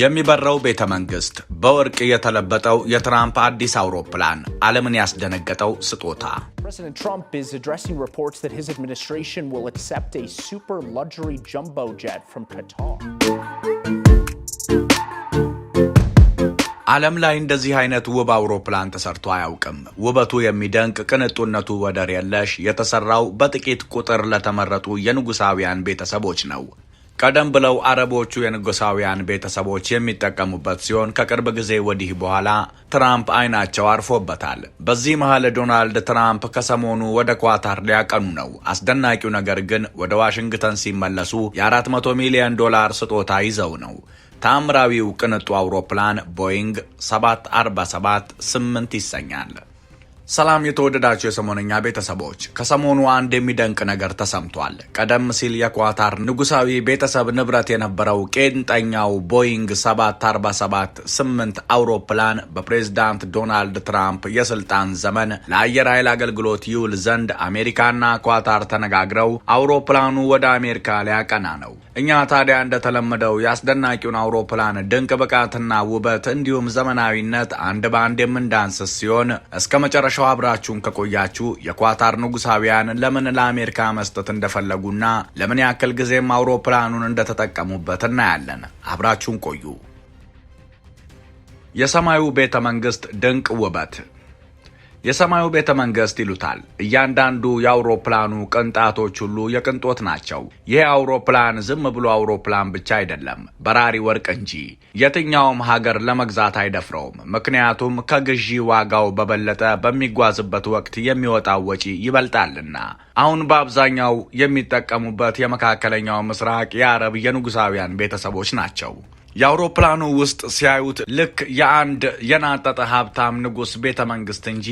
የሚበረው ቤተ መንግስት፣ በወርቅ የተለበጠው የትራምፕ አዲስ አውሮፕላን፣ ዓለምን ያስደነገጠው ስጦታ። ዓለም ላይ እንደዚህ አይነት ውብ አውሮፕላን ተሰርቶ አያውቅም። ውበቱ የሚደንቅ ቅንጡነቱ ወደር የለሽ፣ የተሰራው በጥቂት ቁጥር ለተመረጡ የንጉሳውያን ቤተሰቦች ነው። ቀደም ብለው አረቦቹ የንጉሳውያን ቤተሰቦች የሚጠቀሙበት ሲሆን ከቅርብ ጊዜ ወዲህ በኋላ ትራምፕ አይናቸው አርፎበታል። በዚህ መሀል ዶናልድ ትራምፕ ከሰሞኑ ወደ ኳታር ሊያቀኑ ነው። አስደናቂው ነገር ግን ወደ ዋሽንግተን ሲመለሱ የ400 ሚሊዮን ዶላር ስጦታ ይዘው ነው። ታምራዊው ቅንጡ አውሮፕላን ቦይንግ 747 8 ይሰኛል። ሰላም የተወደዳቸው የሰሞነኛ ቤተሰቦች፣ ከሰሞኑ አንድ የሚደንቅ ነገር ተሰምቷል። ቀደም ሲል የኳታር ንጉሳዊ ቤተሰብ ንብረት የነበረው ቄንጠኛው ቦይንግ 747 8 አውሮፕላን በፕሬዝዳንት ዶናልድ ትራምፕ የስልጣን ዘመን ለአየር ኃይል አገልግሎት ይውል ዘንድ አሜሪካና ኳታር ተነጋግረው አውሮፕላኑ ወደ አሜሪካ ሊያቀና ነው። እኛ ታዲያ እንደተለመደው የአስደናቂውን አውሮፕላን ድንቅ ብቃትና ውበት እንዲሁም ዘመናዊነት አንድ በአንድ የምንዳንስስ ሲሆን እስከ መጨረሻ እስከመጨረሻው አብራችሁን ከቆያችሁ የኳታር ንጉሳውያን ለምን ለአሜሪካ መስጠት እንደፈለጉና ለምን ያክል ጊዜም አውሮፕላኑን እንደተጠቀሙበት እናያለን። አብራችሁን ቆዩ። የሰማዩ ቤተ መንግስት ድንቅ ውበት የሰማዩ ቤተ መንግስት ይሉታል። እያንዳንዱ የአውሮፕላኑ ቅንጣቶች ሁሉ የቅንጦት ናቸው። ይህ አውሮፕላን ዝም ብሎ አውሮፕላን ብቻ አይደለም፣ በራሪ ወርቅ እንጂ። የትኛውም ሀገር ለመግዛት አይደፍረውም፣ ምክንያቱም ከግዢ ዋጋው በበለጠ በሚጓዝበት ወቅት የሚወጣው ወጪ ይበልጣልና። አሁን በአብዛኛው የሚጠቀሙበት የመካከለኛው ምስራቅ የአረብ የንጉሳውያን ቤተሰቦች ናቸው። የአውሮፕላኑ ውስጥ ሲያዩት ልክ የአንድ የናጠጠ ሀብታም ንጉሥ ቤተ መንግሥት እንጂ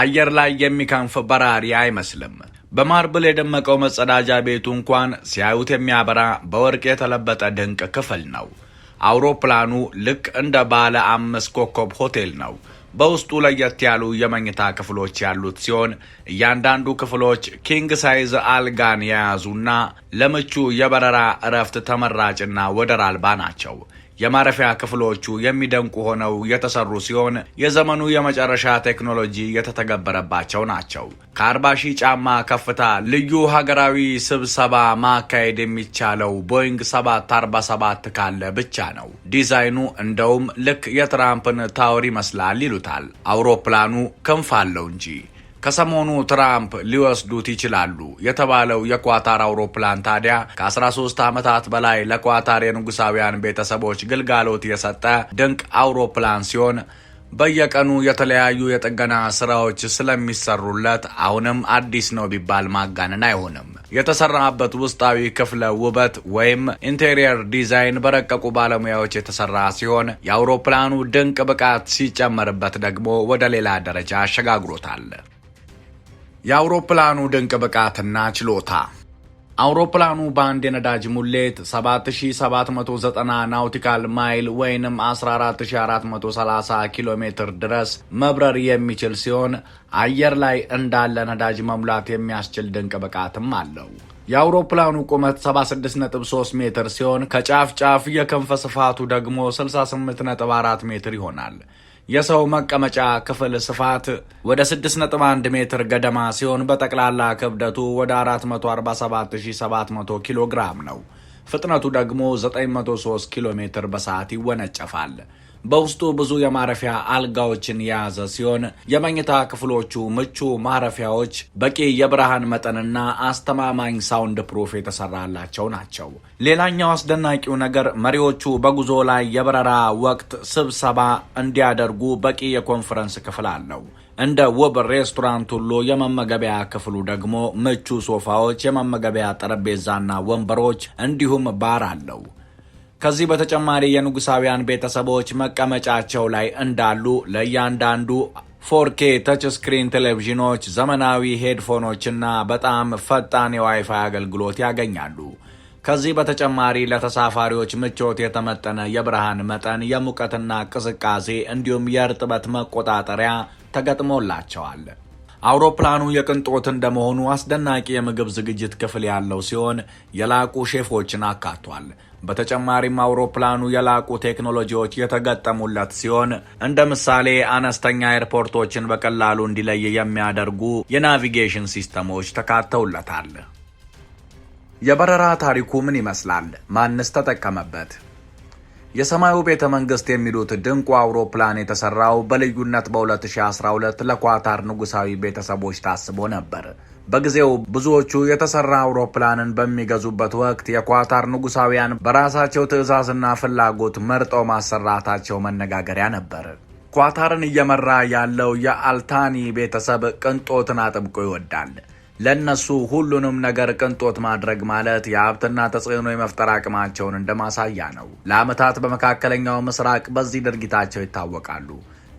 አየር ላይ የሚከንፍ በራሪ አይመስልም። በማርብል የደመቀው መጸዳጃ ቤቱ እንኳን ሲያዩት የሚያበራ በወርቅ የተለበጠ ድንቅ ክፍል ነው። አውሮፕላኑ ልክ እንደ ባለ አምስት ኮከብ ሆቴል ነው። በውስጡ ለየት ያሉ የመኝታ ክፍሎች ያሉት ሲሆን እያንዳንዱ ክፍሎች ኪንግ ሳይዝ አልጋን የያዙና ለምቹ የበረራ እረፍት ተመራጭና ወደር አልባ ናቸው። የማረፊያ ክፍሎቹ የሚደንቁ ሆነው የተሰሩ ሲሆን የዘመኑ የመጨረሻ ቴክኖሎጂ የተተገበረባቸው ናቸው። ከ40 ሺ ጫማ ከፍታ ልዩ ሀገራዊ ስብሰባ ማካሄድ የሚቻለው ቦይንግ 747 ካለ ብቻ ነው። ዲዛይኑ እንደውም ልክ የትራምፕን ታወር ይመስላል ይሉታል። አውሮፕላኑ ክንፍ አለው እንጂ ከሰሞኑ ትራምፕ ሊወስዱት ይችላሉ የተባለው የኳታር አውሮፕላን ታዲያ ከ13 ዓመታት በላይ ለኳታር የንጉሳውያን ቤተሰቦች ግልጋሎት የሰጠ ድንቅ አውሮፕላን ሲሆን በየቀኑ የተለያዩ የጥገና ስራዎች ስለሚሰሩለት አሁንም አዲስ ነው ቢባል ማጋነን አይሆንም። የተሰራበት ውስጣዊ ክፍለ ውበት ወይም ኢንቴሪየር ዲዛይን በረቀቁ ባለሙያዎች የተሰራ ሲሆን የአውሮፕላኑ ድንቅ ብቃት ሲጨመርበት ደግሞ ወደ ሌላ ደረጃ አሸጋግሮታል። የአውሮፕላኑ ድንቅ ብቃትና ችሎታ አውሮፕላኑ በአንድ የነዳጅ ሙሌት 7790 ናውቲካል ማይል ወይንም 14430 ኪሎ ሜትር ድረስ መብረር የሚችል ሲሆን አየር ላይ እንዳለ ነዳጅ መሙላት የሚያስችል ድንቅ ብቃትም አለው። የአውሮፕላኑ ቁመት 763 ሜትር ሲሆን ከጫፍ ጫፍ የክንፍ ስፋቱ ደግሞ 684 ሜትር ይሆናል። የሰው መቀመጫ ክፍል ስፋት ወደ 6.1 ሜትር ገደማ ሲሆን በጠቅላላ ክብደቱ ወደ 447700 ኪሎ ግራም ነው። ፍጥነቱ ደግሞ 903 ኪሎ ሜትር በሰዓት ይወነጨፋል። በውስጡ ብዙ የማረፊያ አልጋዎችን የያዘ ሲሆን የመኝታ ክፍሎቹ ምቹ ማረፊያዎች በቂ የብርሃን መጠንና አስተማማኝ ሳውንድ ፕሩፍ የተሰራላቸው ናቸው። ሌላኛው አስደናቂው ነገር መሪዎቹ በጉዞ ላይ የበረራ ወቅት ስብሰባ እንዲያደርጉ በቂ የኮንፈረንስ ክፍል አለው። እንደ ውብ ሬስቶራንት ሁሉ የመመገቢያ ክፍሉ ደግሞ ምቹ ሶፋዎች፣ የመመገቢያ ጠረጴዛና ወንበሮች እንዲሁም ባር አለው። ከዚህ በተጨማሪ የንጉሳውያን ቤተሰቦች መቀመጫቸው ላይ እንዳሉ ለእያንዳንዱ ፎርኬ ተች ስክሪን ቴሌቪዥኖች ዘመናዊ ሄድፎኖችና በጣም ፈጣን የዋይፋይ አገልግሎት ያገኛሉ። ከዚህ በተጨማሪ ለተሳፋሪዎች ምቾት የተመጠነ የብርሃን መጠን፣ የሙቀትና ቅዝቃዜ እንዲሁም የእርጥበት መቆጣጠሪያ ተገጥሞላቸዋል። አውሮፕላኑ የቅንጦት እንደመሆኑ አስደናቂ የምግብ ዝግጅት ክፍል ያለው ሲሆን የላቁ ሼፎችን አካቷል። በተጨማሪም አውሮፕላኑ የላቁ ቴክኖሎጂዎች የተገጠሙለት ሲሆን እንደ ምሳሌ አነስተኛ ኤርፖርቶችን በቀላሉ እንዲለይ የሚያደርጉ የናቪጌሽን ሲስተሞች ተካተውለታል። የበረራ ታሪኩ ምን ይመስላል? ማንስ ተጠቀመበት? የሰማዩ ቤተ መንግስት የሚሉት ድንቁ አውሮፕላን የተሰራው በልዩነት በ2012 ለኳታር ንጉሳዊ ቤተሰቦች ታስቦ ነበር። በጊዜው ብዙዎቹ የተሰራ አውሮፕላንን በሚገዙበት ወቅት የኳታር ንጉሳውያን በራሳቸው ትዕዛዝና ፍላጎት መርጠው ማሰራታቸው መነጋገሪያ ነበር። ኳታርን እየመራ ያለው የአልታኒ ቤተሰብ ቅንጦትን አጥብቆ ይወዳል። ለእነሱ ሁሉንም ነገር ቅንጦት ማድረግ ማለት የሀብትና ተጽዕኖ የመፍጠር አቅማቸውን እንደማሳያ ነው። ለዓመታት በመካከለኛው ምስራቅ በዚህ ድርጊታቸው ይታወቃሉ።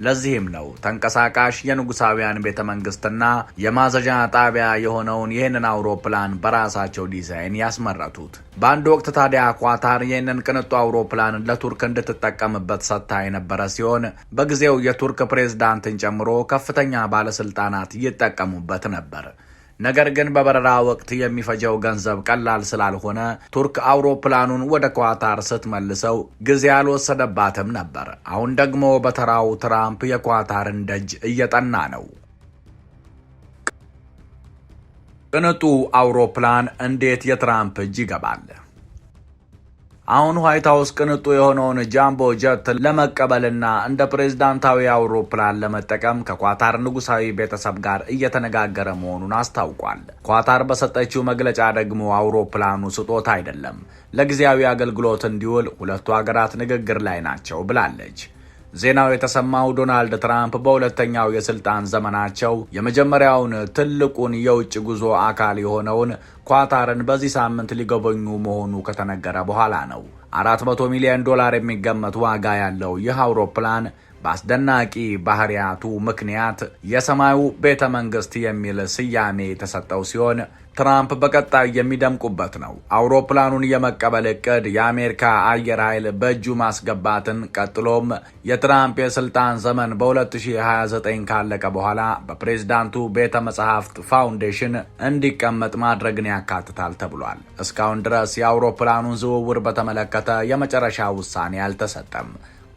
ለዚህም ነው ተንቀሳቃሽ የንጉሳውያን ቤተ መንግስትና የማዘዣ ጣቢያ የሆነውን ይህንን አውሮፕላን በራሳቸው ዲዛይን ያስመረቱት። በአንድ ወቅት ታዲያ ኳታር ይህንን ቅንጡ አውሮፕላን ለቱርክ እንድትጠቀምበት ሰጥታ የነበረ ሲሆን በጊዜው የቱርክ ፕሬዝዳንትን ጨምሮ ከፍተኛ ባለስልጣናት ይጠቀሙበት ነበር። ነገር ግን በበረራ ወቅት የሚፈጀው ገንዘብ ቀላል ስላልሆነ ቱርክ አውሮፕላኑን ወደ ኳታር ስትመልሰው ጊዜ አልወሰደባትም ነበር። አሁን ደግሞ በተራው ትራምፕ የኳታርን ደጅ እየጠና ነው። ቅንጡ አውሮፕላን እንዴት የትራምፕ እጅ ይገባል? አሁን ዋይት ሀውስ ቅንጡ የሆነውን ጃምቦ ጀት ለመቀበልና እንደ ፕሬዝዳንታዊ አውሮፕላን ለመጠቀም ከኳታር ንጉሳዊ ቤተሰብ ጋር እየተነጋገረ መሆኑን አስታውቋል። ኳታር በሰጠችው መግለጫ ደግሞ አውሮፕላኑ ስጦታ አይደለም፣ ለጊዜያዊ አገልግሎት እንዲውል ሁለቱ ሀገራት ንግግር ላይ ናቸው ብላለች። ዜናው የተሰማው ዶናልድ ትራምፕ በሁለተኛው የስልጣን ዘመናቸው የመጀመሪያውን ትልቁን የውጭ ጉዞ አካል የሆነውን ኳታርን በዚህ ሳምንት ሊጎበኙ መሆኑ ከተነገረ በኋላ ነው። 400 ሚሊዮን ዶላር የሚገመት ዋጋ ያለው ይህ አውሮፕላን በአስደናቂ ባህሪያቱ ምክንያት የሰማዩ ቤተ መንግስት የሚል ስያሜ የተሰጠው ሲሆን ትራምፕ በቀጣይ የሚደምቁበት ነው። አውሮፕላኑን የመቀበል እቅድ የአሜሪካ አየር ኃይል በእጁ ማስገባትን ቀጥሎም የትራምፕ የስልጣን ዘመን በ2029 ካለቀ በኋላ በፕሬዝዳንቱ ቤተ መጻሕፍት ፋውንዴሽን እንዲቀመጥ ማድረግን ያካትታል ተብሏል። እስካሁን ድረስ የአውሮፕላኑን ዝውውር በተመለከተ የመጨረሻ ውሳኔ አልተሰጠም።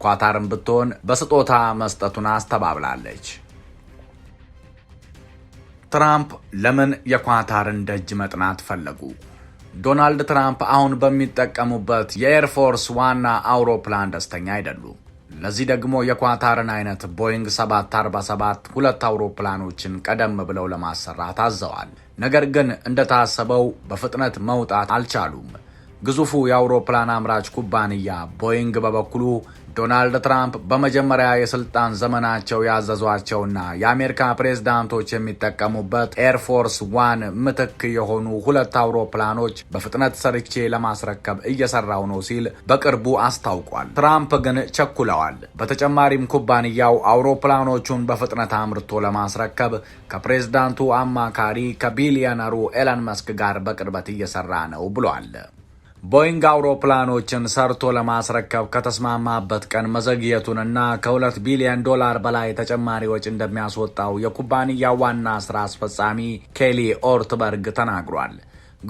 ኳታርም ብትሆን በስጦታ መስጠቱን አስተባብላለች። ትራምፕ ለምን የኳታርን ደጅ መጥናት ፈለጉ? ዶናልድ ትራምፕ አሁን በሚጠቀሙበት የኤርፎርስ ዋና አውሮፕላን ደስተኛ አይደሉም። ለዚህ ደግሞ የኳታርን አይነት ቦይንግ 747 ሁለት አውሮፕላኖችን ቀደም ብለው ለማሰራት አዘዋል። ነገር ግን እንደታሰበው በፍጥነት መውጣት አልቻሉም። ግዙፉ የአውሮፕላን አምራች ኩባንያ ቦይንግ በበኩሉ ዶናልድ ትራምፕ በመጀመሪያ የስልጣን ዘመናቸው ያዘዟቸውና የአሜሪካ ፕሬዝዳንቶች የሚጠቀሙበት ኤርፎርስ ዋን ምትክ የሆኑ ሁለት አውሮፕላኖች በፍጥነት ሰርቼ ለማስረከብ እየሰራው ነው ሲል በቅርቡ አስታውቋል። ትራምፕ ግን ቸኩለዋል። በተጨማሪም ኩባንያው አውሮፕላኖቹን በፍጥነት አምርቶ ለማስረከብ ከፕሬዝዳንቱ አማካሪ ከቢሊዮነሩ ኤለን መስክ ጋር በቅርበት እየሰራ ነው ብሏል። ቦይንግ አውሮፕላኖችን ሰርቶ ለማስረከብ ከተስማማበት ቀን መዘግየቱንና ከሁለት ቢሊዮን ዶላር በላይ ተጨማሪ ወጪ እንደሚያስወጣው የኩባንያው ዋና ስራ አስፈጻሚ ኬሊ ኦርትበርግ ተናግሯል።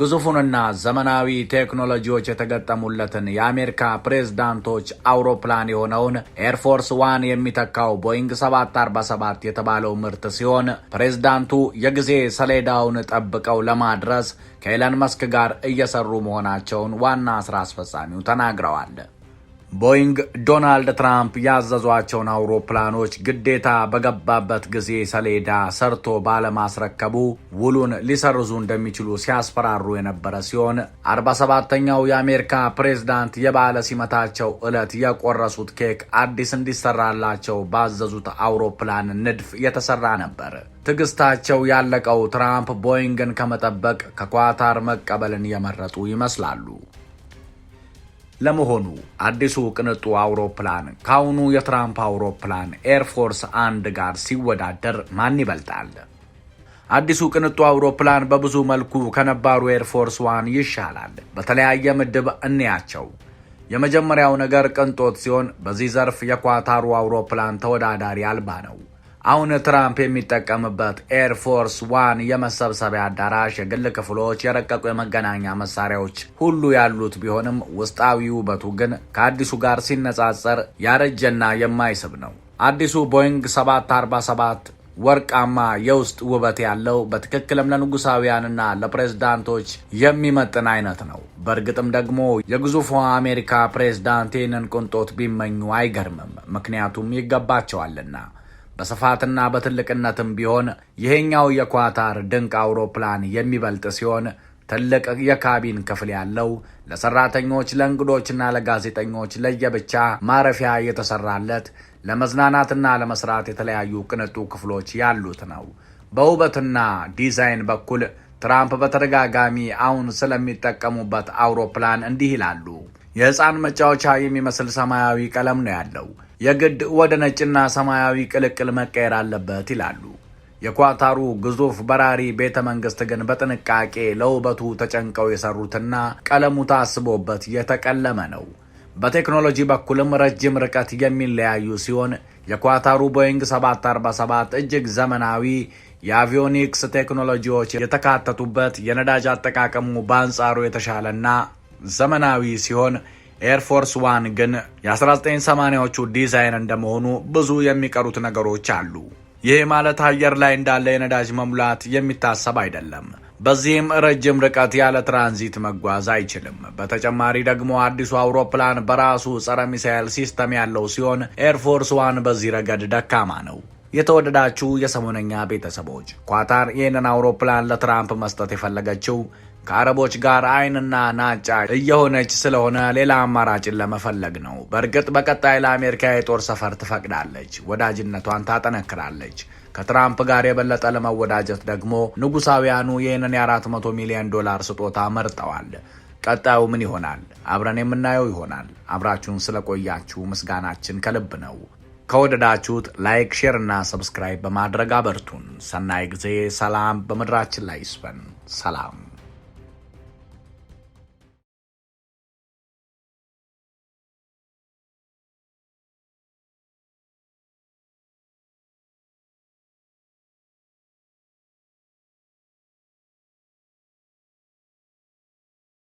ግዙፉንና ዘመናዊ ቴክኖሎጂዎች የተገጠሙለትን የአሜሪካ ፕሬዝዳንቶች አውሮፕላን የሆነውን ኤርፎርስ ዋን የሚተካው ቦይንግ 747 የተባለው ምርት ሲሆን ፕሬዝዳንቱ የጊዜ ሰሌዳውን ጠብቀው ለማድረስ ከኤለን መስክ ጋር እየሰሩ መሆናቸውን ዋና ስራ አስፈጻሚው ተናግረዋል። ቦይንግ ዶናልድ ትራምፕ ያዘዟቸውን አውሮፕላኖች ግዴታ በገባበት ጊዜ ሰሌዳ ሰርቶ ባለማስረከቡ ውሉን ሊሰርዙ እንደሚችሉ ሲያስፈራሩ የነበረ ሲሆን 47ተኛው የአሜሪካ ፕሬዝዳንት የበዓለ ሲመታቸው ዕለት የቆረሱት ኬክ አዲስ እንዲሰራላቸው ባዘዙት አውሮፕላን ንድፍ የተሰራ ነበር። ትዕግስታቸው ያለቀው ትራምፕ ቦይንግን ከመጠበቅ ከኳታር መቀበልን የመረጡ ይመስላሉ። ለመሆኑ አዲሱ ቅንጡ አውሮፕላን ከአሁኑ የትራምፕ አውሮፕላን ኤርፎርስ አንድ ጋር ሲወዳደር ማን ይበልጣል? አዲሱ ቅንጡ አውሮፕላን በብዙ መልኩ ከነባሩ ኤርፎርስ ዋን ይሻላል። በተለያየ ምድብ እንያቸው። የመጀመሪያው ነገር ቅንጦት ሲሆን፣ በዚህ ዘርፍ የኳታሩ አውሮፕላን ተወዳዳሪ አልባ ነው። አሁን ትራምፕ የሚጠቀምበት ኤርፎርስ ዋን የመሰብሰቢያ አዳራሽ የግል ክፍሎች፣ የረቀቁ የመገናኛ መሳሪያዎች ሁሉ ያሉት ቢሆንም ውስጣዊ ውበቱ ግን ከአዲሱ ጋር ሲነጻጸር ያረጀና የማይስብ ነው። አዲሱ ቦይንግ 747 ወርቃማ የውስጥ ውበት ያለው በትክክልም ለንጉሳውያንና ለፕሬዝዳንቶች የሚመጥን አይነት ነው። በእርግጥም ደግሞ የግዙፉ አሜሪካ ፕሬዝዳንት ይህንን ቁንጦት ቢመኙ አይገርምም፣ ምክንያቱም ይገባቸዋልና። በስፋትና በትልቅነትም ቢሆን ይሄኛው የኳታር ድንቅ አውሮፕላን የሚበልጥ ሲሆን ትልቅ የካቢን ክፍል ያለው ለሰራተኞች ለእንግዶችና ለጋዜጠኞች ለየብቻ ማረፊያ የተሰራለት ለመዝናናትና ለመስራት የተለያዩ ቅንጡ ክፍሎች ያሉት ነው። በውበትና ዲዛይን በኩል ትራምፕ በተደጋጋሚ አሁን ስለሚጠቀሙበት አውሮፕላን እንዲህ ይላሉ። የሕፃን መጫወቻ የሚመስል ሰማያዊ ቀለም ነው ያለው። የግድ ወደ ነጭና ሰማያዊ ቅልቅል መቀየር አለበት ይላሉ። የኳታሩ ግዙፍ በራሪ ቤተ መንግስት ግን በጥንቃቄ ለውበቱ ተጨንቀው የሰሩትና ቀለሙ ታስቦበት የተቀለመ ነው። በቴክኖሎጂ በኩልም ረጅም ርቀት የሚለያዩ ሲሆን የኳታሩ ቦይንግ 747 እጅግ ዘመናዊ የአቪዮኒክስ ቴክኖሎጂዎች የተካተቱበት የነዳጅ አጠቃቀሙ በአንጻሩ የተሻለና ዘመናዊ ሲሆን ኤርፎርስ ዋን ግን የ1980ዎቹ ዲዛይን እንደመሆኑ ብዙ የሚቀሩት ነገሮች አሉ። ይህ ማለት አየር ላይ እንዳለ የነዳጅ መሙላት የሚታሰብ አይደለም። በዚህም ረጅም ርቀት ያለ ትራንዚት መጓዝ አይችልም። በተጨማሪ ደግሞ አዲሱ አውሮፕላን በራሱ ጸረ ሚሳኤል ሲስተም ያለው ሲሆን ኤርፎርስ ዋን በዚህ ረገድ ደካማ ነው። የተወደዳችሁ የሰሞነኛ ቤተሰቦች ኳታር ይህንን አውሮፕላን ለትራምፕ መስጠት የፈለገችው ከአረቦች ጋር አይንና ናጫ እየሆነች ስለሆነ ሌላ አማራጭን ለመፈለግ ነው። በእርግጥ በቀጣይ ለአሜሪካ የጦር ሰፈር ትፈቅዳለች፣ ወዳጅነቷን ታጠነክራለች። ከትራምፕ ጋር የበለጠ ለመወዳጀት ደግሞ ንጉሳውያኑ ይህንን የ400 ሚሊዮን ዶላር ስጦታ መርጠዋል። ቀጣዩ ምን ይሆናል? አብረን የምናየው ይሆናል። አብራችሁን ስለቆያችሁ ምስጋናችን ከልብ ነው። ከወደዳችሁት ላይክ፣ ሼር እና ሰብስክራይብ በማድረግ አበርቱን። ሰናይ ጊዜ። ሰላም በምድራችን ላይ ይስፈን። ሰላም